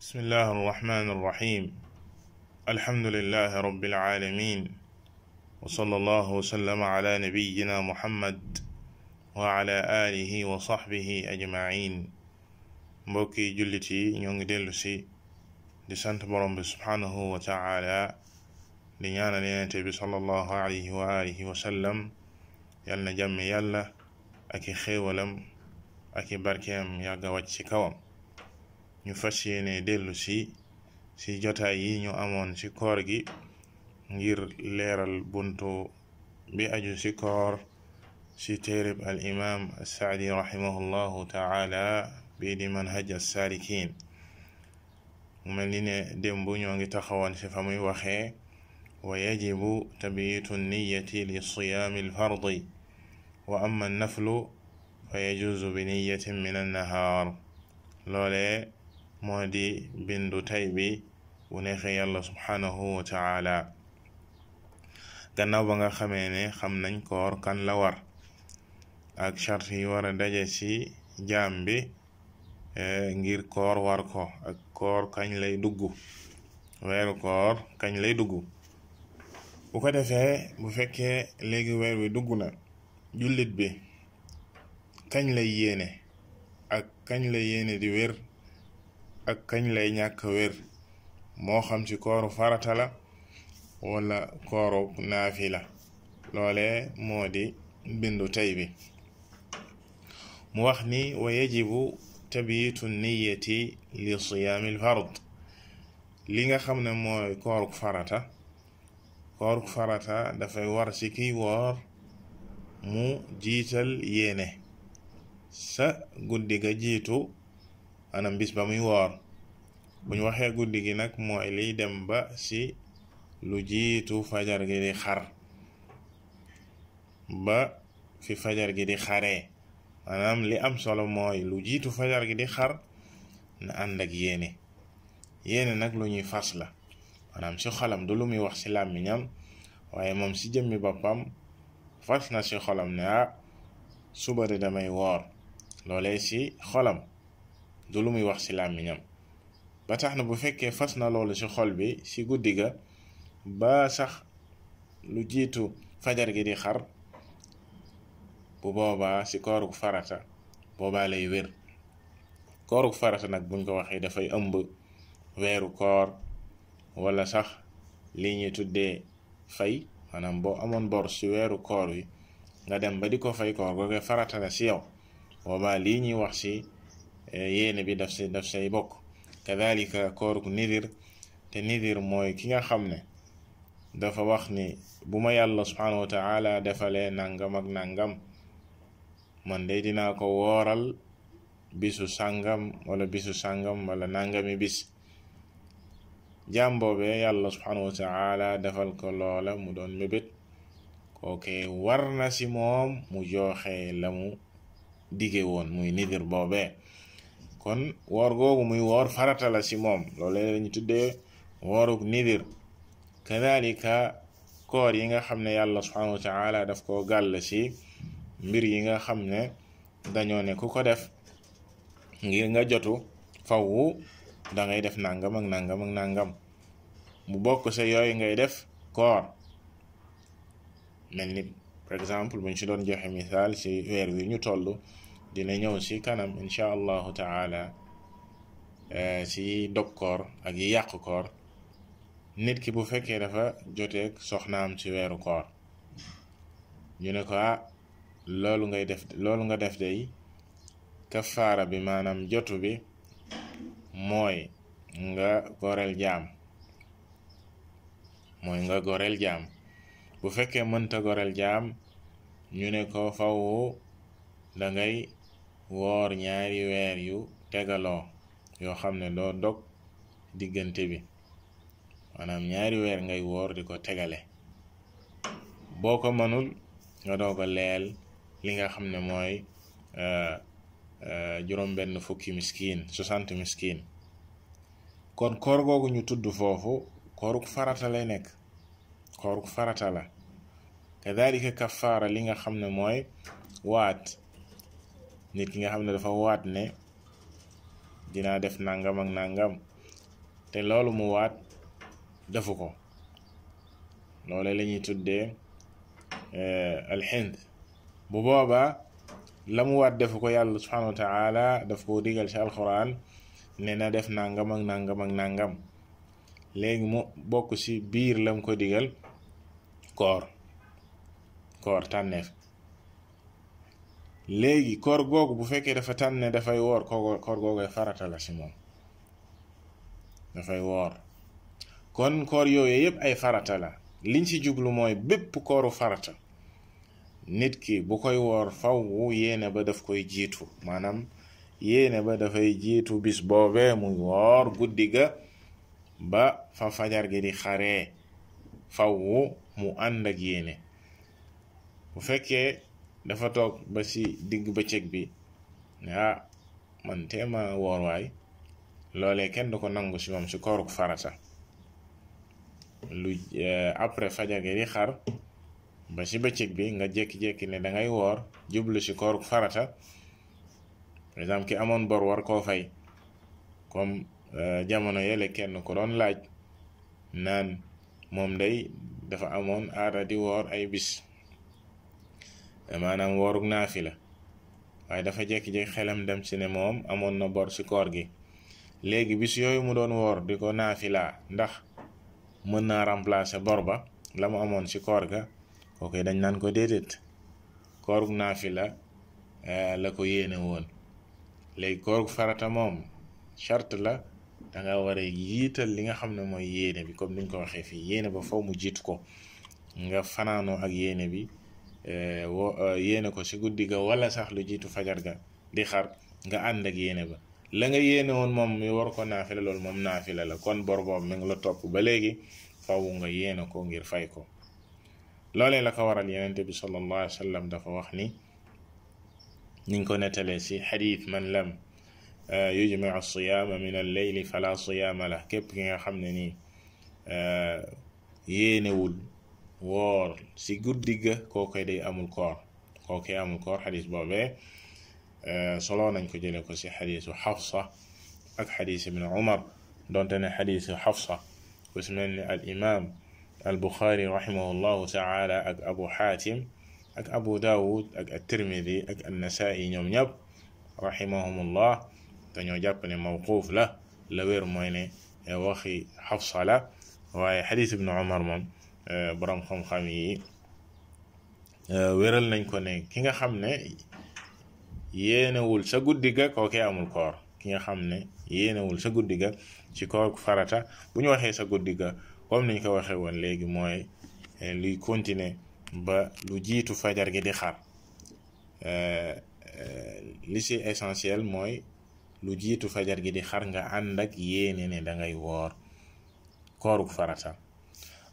بسم الله الرحمن الرحيم الحمد لله رب العالمين وصلى الله وسلم على نبينا محمد وعلى آله وصحبه أجمعين بوكي جلتي نيونغ ديلوسي دي سانت سبحانه وتعالى لنيانا لينتي صلى الله عليه وآله وسلم يالنا جم يالا أكي خيولم أكي بركيم يا غواتشي كوام ñu fa yéene dellu si si jotaay yi ñu amoon ci koor gi ngir leeral buntu bi aju ci koor ci téereb al imaam as-Saadi rahimahullahu taala bii di manhaj as-saalikiin mu mel ni ne démb ñoo ngi taxawoon ci fa muy waxee wa yajibu tabiitu niyati li siyaami alfardi wa amma an-naflu fa yajuuzu bi niyatin min an-nahaar loolee moo di bindu tey bi bu neexee yàlla subhaanahu wa taala gannaaw ba nga xamee ne xam nañ koor kan la war ak chart yi war a daje ci jaam bi e, ngir koor war ko ak koor kañ lay dugg weeru koor kañ lay dugg bu ko defee bu fekkee léegi weer wi dugg na jullit bi kañ lay yéene ak kañ lay yéene di wér ak kañ lay ñàkk wér moo xam ci kooru farata la wala kooru la loole moo di bindu tey bi mu wax ni wa yajibu tabiitu niyati li siyaamil fard li nga xam ne mooy kooruk farata kooruk farata dafay war ci kiy woor mu jiital yéene sa guddi ga jiitu anam bis ba muy woor bu ñu waxee guddi gi nag mooy liy dem ba si lu jiitu fajar gi di xar ba fi fajar gi di xare maanaam li am solo mooy lu jiitu fajar gi di xar na ànd ak yéene yéene nag lu ñuy fas la maanaam si xolam du lu muy wax ci làmmiñam waaye moom si jëmmi boppam fas na si xolam ne ah suba de damay woor loolee si xolam du lu muy wax ci làmmiñam ba tax na bu fekkee fas na loolu ci xol bi ci guddi ga ba sax lu jiitu fajar gi di xar bu boobaa ci koorug farata boobaa lay wér koorug farata nag buñ ko waxee dafay ëmb weeru koor walla sax li ñuy tuddee fay maanaam boo amoon bor ci weeru koor wi nga dem ba di ko fay koor googee farata la ci yow boobaa lii ñuy wax ci Eh, yéene bi daf si say bokk kadhalika kooruk nidir te nidir mooy ki nga xam ne dafa wax ni bu ma yàlla subhanahu wa taala defalee nangam ak nangam man de dinaa ko wooral bisu sàngam wala bisu sàngam wala nangami bis jaam boobee yàlla subhanahu wa taala defal ko loola mu doon mébét kookee war na si moom mu joxe la mu dige woon muy nidir boobe kon woor googu muy woor farata la moom loolu la ñu tuddee woorug nidir kadalika koor yi nga xam ne yàlla subhanahu wa taala daf koo gàll ci mbir yi nga xam ne dañoo ne ku ko def ngir nga jotu fawu dangay def nangam ak nangam ak nangam mu bokk se yooyu ngay def koor mel ni par exemple buñ ci doon joxe misaal ci weer wi ñu toll dina ñëw ci kanam incha allahu ta'ala eh, ci dog koor ak yi yàq koor nit ki bu fekkee dafa joteeg soxnaam ci weeru koor ñu ne ko ah loolu ngay def loolu nga def day kafaara bi maanaam jotu bi mooy nga goreel jaam mooy nga goreel jaam bu fekkee mënta goreel jaam ñu ne ko faw da ngay woor ñaari weer yu tegaloo yoo xam ne doo dog diggante bi maanaam ñaari weer ngay woor di ko tegale boo ko mënul nga doog a leel li nga xam ne mooy euh, euh, juróom benn fukki miskin soixante miskin kon koor googu ñu tudd foofu kooruk farata lay nekk kooruk farata la kadalika kafaara li nga xam ne mooy waat nit ki nga xam ne dafa waat ne dinaa def nangam ak nangam te loolu mu waat defu ko loole la ñuy tuddee eh, alxind bu boobaa la mu waat defu ko yàlla subhanahu wa daf koo digal ci alxuraan ne na def nangam ak nangam ak nangam léegi mu bokk ci biir lam ko digal koor koor tànneef léegi koor googu bu fekkee dafa tànn ne dafay woor koor koor googu farata moom dafay woor kon koor yooyu yëpp ay farata la liñ ci jublu mooy bépp kooru farata nit ki bu koy woor faw yéene ba daf koy jiitu maanaam yéene ba dafay jiitu bis boobee muy woor guddi ga ba fa fajar gi di xaree faw mu ànd ak yéene bu fekkee dafa toog ba si digg bëccëg bi ah man teema woor waay loolee kenn du ko nangu si moom si kooruk farata lu eh, après fajar gi di xar ba si bëccëg bi nga jékki-jékki ne da ngay woor jublu si kooruk farata par exemple ki amoon bor war koo fay comme eh, jamono yële kenn ku doon laaj naan moom day dafa amoon aada di woor ay bis maanaam woorug la waaye dafa jekki-jekki xelam dem si ne moom amoon na bor si koor gi léegi bis yooyu mu doon woor di ko naafila ndax mën naa remplacer bor ba la mu amoon si koor ga kooku dañ naan ko déedéet koorug naafi la eh, la ko yéene woon léegi koorug farata moom charte la danga war a yiital li nga xam ne mooy yéene bi comme niñ ko waxee fii yéene ba faw mu jiit ko nga fanaanoo ak yéene bi yéene ko si guddi ga wala sax lu jiitu fajar ga di xar nga ànd ak yéene ba la nga yéene woon moom mi war ko naafila loolu moom naafila la kon bor boobu mi ngi la topp ba léegi faw nga yéene ko ngir fay ko loolee la ko waral yenente bi sallallahu alayhi wa sallam dafa wax ni ni ko nettalee si xadiit man lam yujmiu siyaama min al leyli fala siyama la képp ki nga xam ne nii yéenewul woor si guddi ga ko day amul ko kookoy amul koor xadis eh, solo nañ ko jële ko si xadisu xafsa ak xadis ibn umar doonte ne xadisu xafsa ku si mel ni al imam al buxaari rahimahullahu taala ak abu xaatim ak abu daawud ak at tirmidi ak annasaa'i ñoom ñëpp rahimahumullah dañoo jàpp ne mawquuf la la wér mooy ne eh, waxi xafsa la waaye xadis ibn umar moom Euh, boroom xam-xam yi euh, wéral nañ ko ne ki nga xam ne yéenewul sa guddi ga kookee amul koor ki nga xam ne yéenewul sa guddi ga ci koor farata bu ñu waxee sa guddi ga comme niñ ko waxee woon léegi mooy euh, luy continuer ba lu jiitu fajar gi di xar li si essentiel mooy lu jiitu fajar gi di xar nga ànd ak yéene ne dangay woor kooruk farata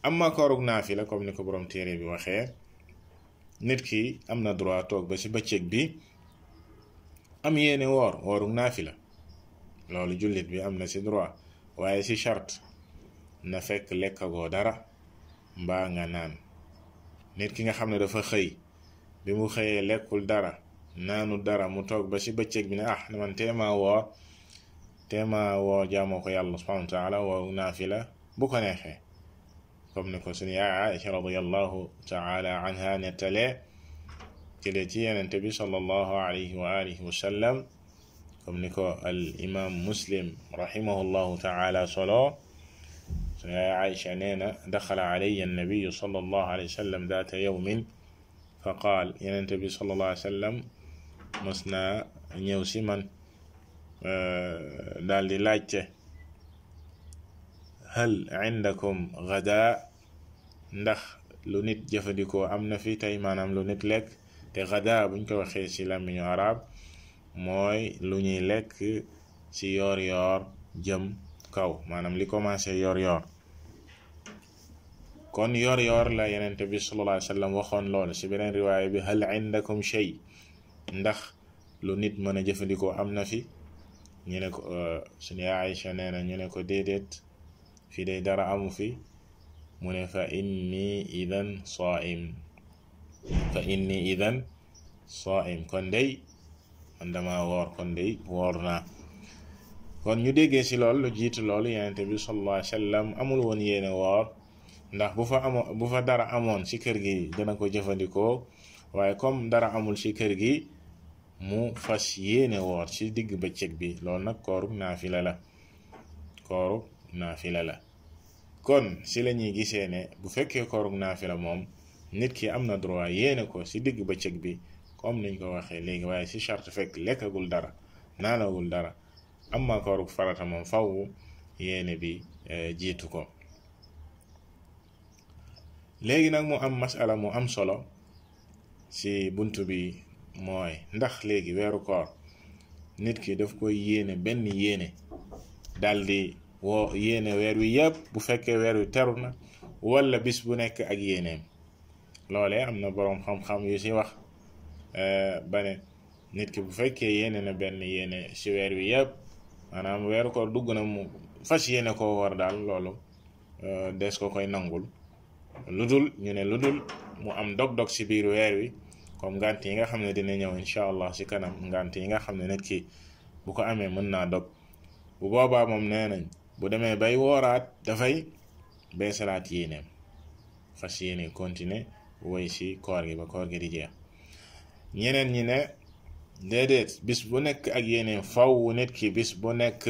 am koorug naafi la comme ni ko borom téere bi waxee nit ki am na droit toog ba ci bëccëg bi am yéene woor woorug naafi la loolu jullit bi am na ci droit waaye si charte na fekk lekkagoo dara mbaa nga naan nit ki nga xam ne dafa xëy bi mu xëyee lekkul dara naanu dara mu toog ba ci bëccëg bi ne ah man teema woor teema woor jaamoo ko yàlla subhanahu wa taala woorug naafi la bu ko neexee comme ni ko suñu yaay Aïcha radiyallahu taala anha nettalee jëlee ci yenente bi sallallahu alayhi wa alihi wa sallam comme ni ko al imam muslim rahimahullahu taala solo suñu yaay Aïcha nee na daxala alayya annabiyu sallallahu alayhi wa sallam daata yawmin فقال ينتبي صلى الله عليه وسلم مسنا نيوسي من دال دي لاجته hal indakum gada ndax lu nit jëfandikoo am na fi tey maanaam lu nit lekk te gada buñ ko waxee ci làmmiñu arab mooy lu ñuy lekk ci yoor yoor jëm kaw maanaam li commencé yoor yoor kon yoor yoor la yenente bi sallallahu alayhi waxoon loolu si beneen riwaaya bi hal indakum shay ndax lu nit mën a jëfandikoo am na fi ñu ne ko euh, suñu Aïcha nee na ñu ne ko déedéet fii de dara amu fi mu ne fa inni idan saim fa inni idan saim kon day man dama woor kon day woor naa kon ñu déggee ci lool lu jiitu loolu yonente bi sallallahu alayhi amul woon yéene woor ndax bu fa amoon bu fa dara amoon ci kër gi dana ko jëfandikoo waaye comme dara amul ci kër gi mu fas yéene woor ci digg bëccëg bi loolu nag koorug naafila la koorug naafila la kon si la ñuy gisee ne bu fekkee koorug naafila moom nit ki am na droit yéene ko si digg bëccëg bi comme niñ ko waxee léegi waaye si charte fekk lekkagul dara naanagul dara amma koorug farata moom faw yéene bi eh, jiitu ko léegi nag mu am masala mu am solo si bunt bi mooy ndax léegi weeru koor nit ki daf koy yéene benn yéene daldi woo yéene weer wi yëpp bu fekkee weer wi teru na walla bis bu nekk ak yéeneem loole am na boroom xam-xam yu ci wax eh, ba ne nit ki bu fekkee yéene na benn yéene ci weer wi yëpp maanaam weeru ko dugg na mu fas yéene koo war daal loolu eh, des ko koy nangul lu dul ñu ne lu dul mu am dog-dog ci biir weer wi comme ngànt yi nga xam ne dina ñëw incha allah si kanam ngànt yi nga xam ne nit ki bu ko amee mën naa dog bu boobaa moom nee nañ bu demee bay wooraat dafay beesalaat yéeneem fas yéene continuer woy si koor gi ba koor gi di jeex ñeneen ñi ne déedéet bis bu nekk ak yéeneem faw wu nit ki bis bu nekk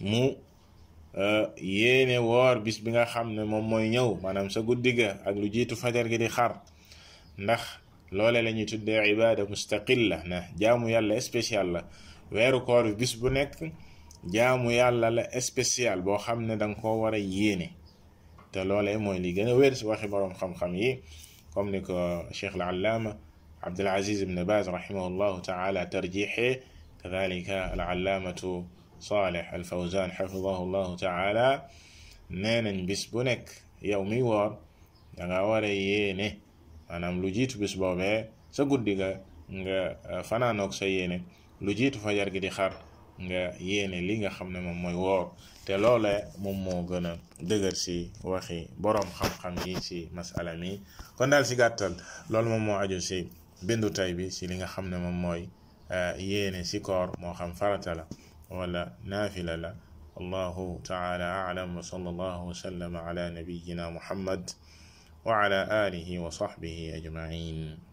mu euh, yéene woor bis bi nga xam ne moom mooy ñëw maanaam sa guddi ga ak lu jiitu fajar gi di xar ndax loole la ñuy tuddee ibaada mustaqilla na jaamu yàlla spécial la weeru koor bi bis bu nekk jaamu yàlla la spécial boo xam ne danga ko war a yéene te loolee mooy li gën a wér si waxi borom xam-xam yi comme ni ko cheikh al allaama abdul ibn baz rahimahullahu taala tarjixee kadalika al allaamatu saleh al fawzan xafidahu llahu taala nee nañ bis bu nekk yow mi woor danga war a yéene maanaam lu jiitu bis boobee sa guddi ga nga fanaanoog sa yéene lu jiitu fajar gi di xar nga yéene li nga xam ne moom mooy woor te loole moom moo gën a dëgër si waxi borom xam-xam yi si masala mi kon daal si gàttal loolu moom moo aju si bindu tay bi si li nga xam ne moom mooy yéene si koor moo xam farata la wala naafila la allahu taala alam wa sallallahu wa sallama ala nabiyina muhammad wa ala alihi wa sahbihi ajmain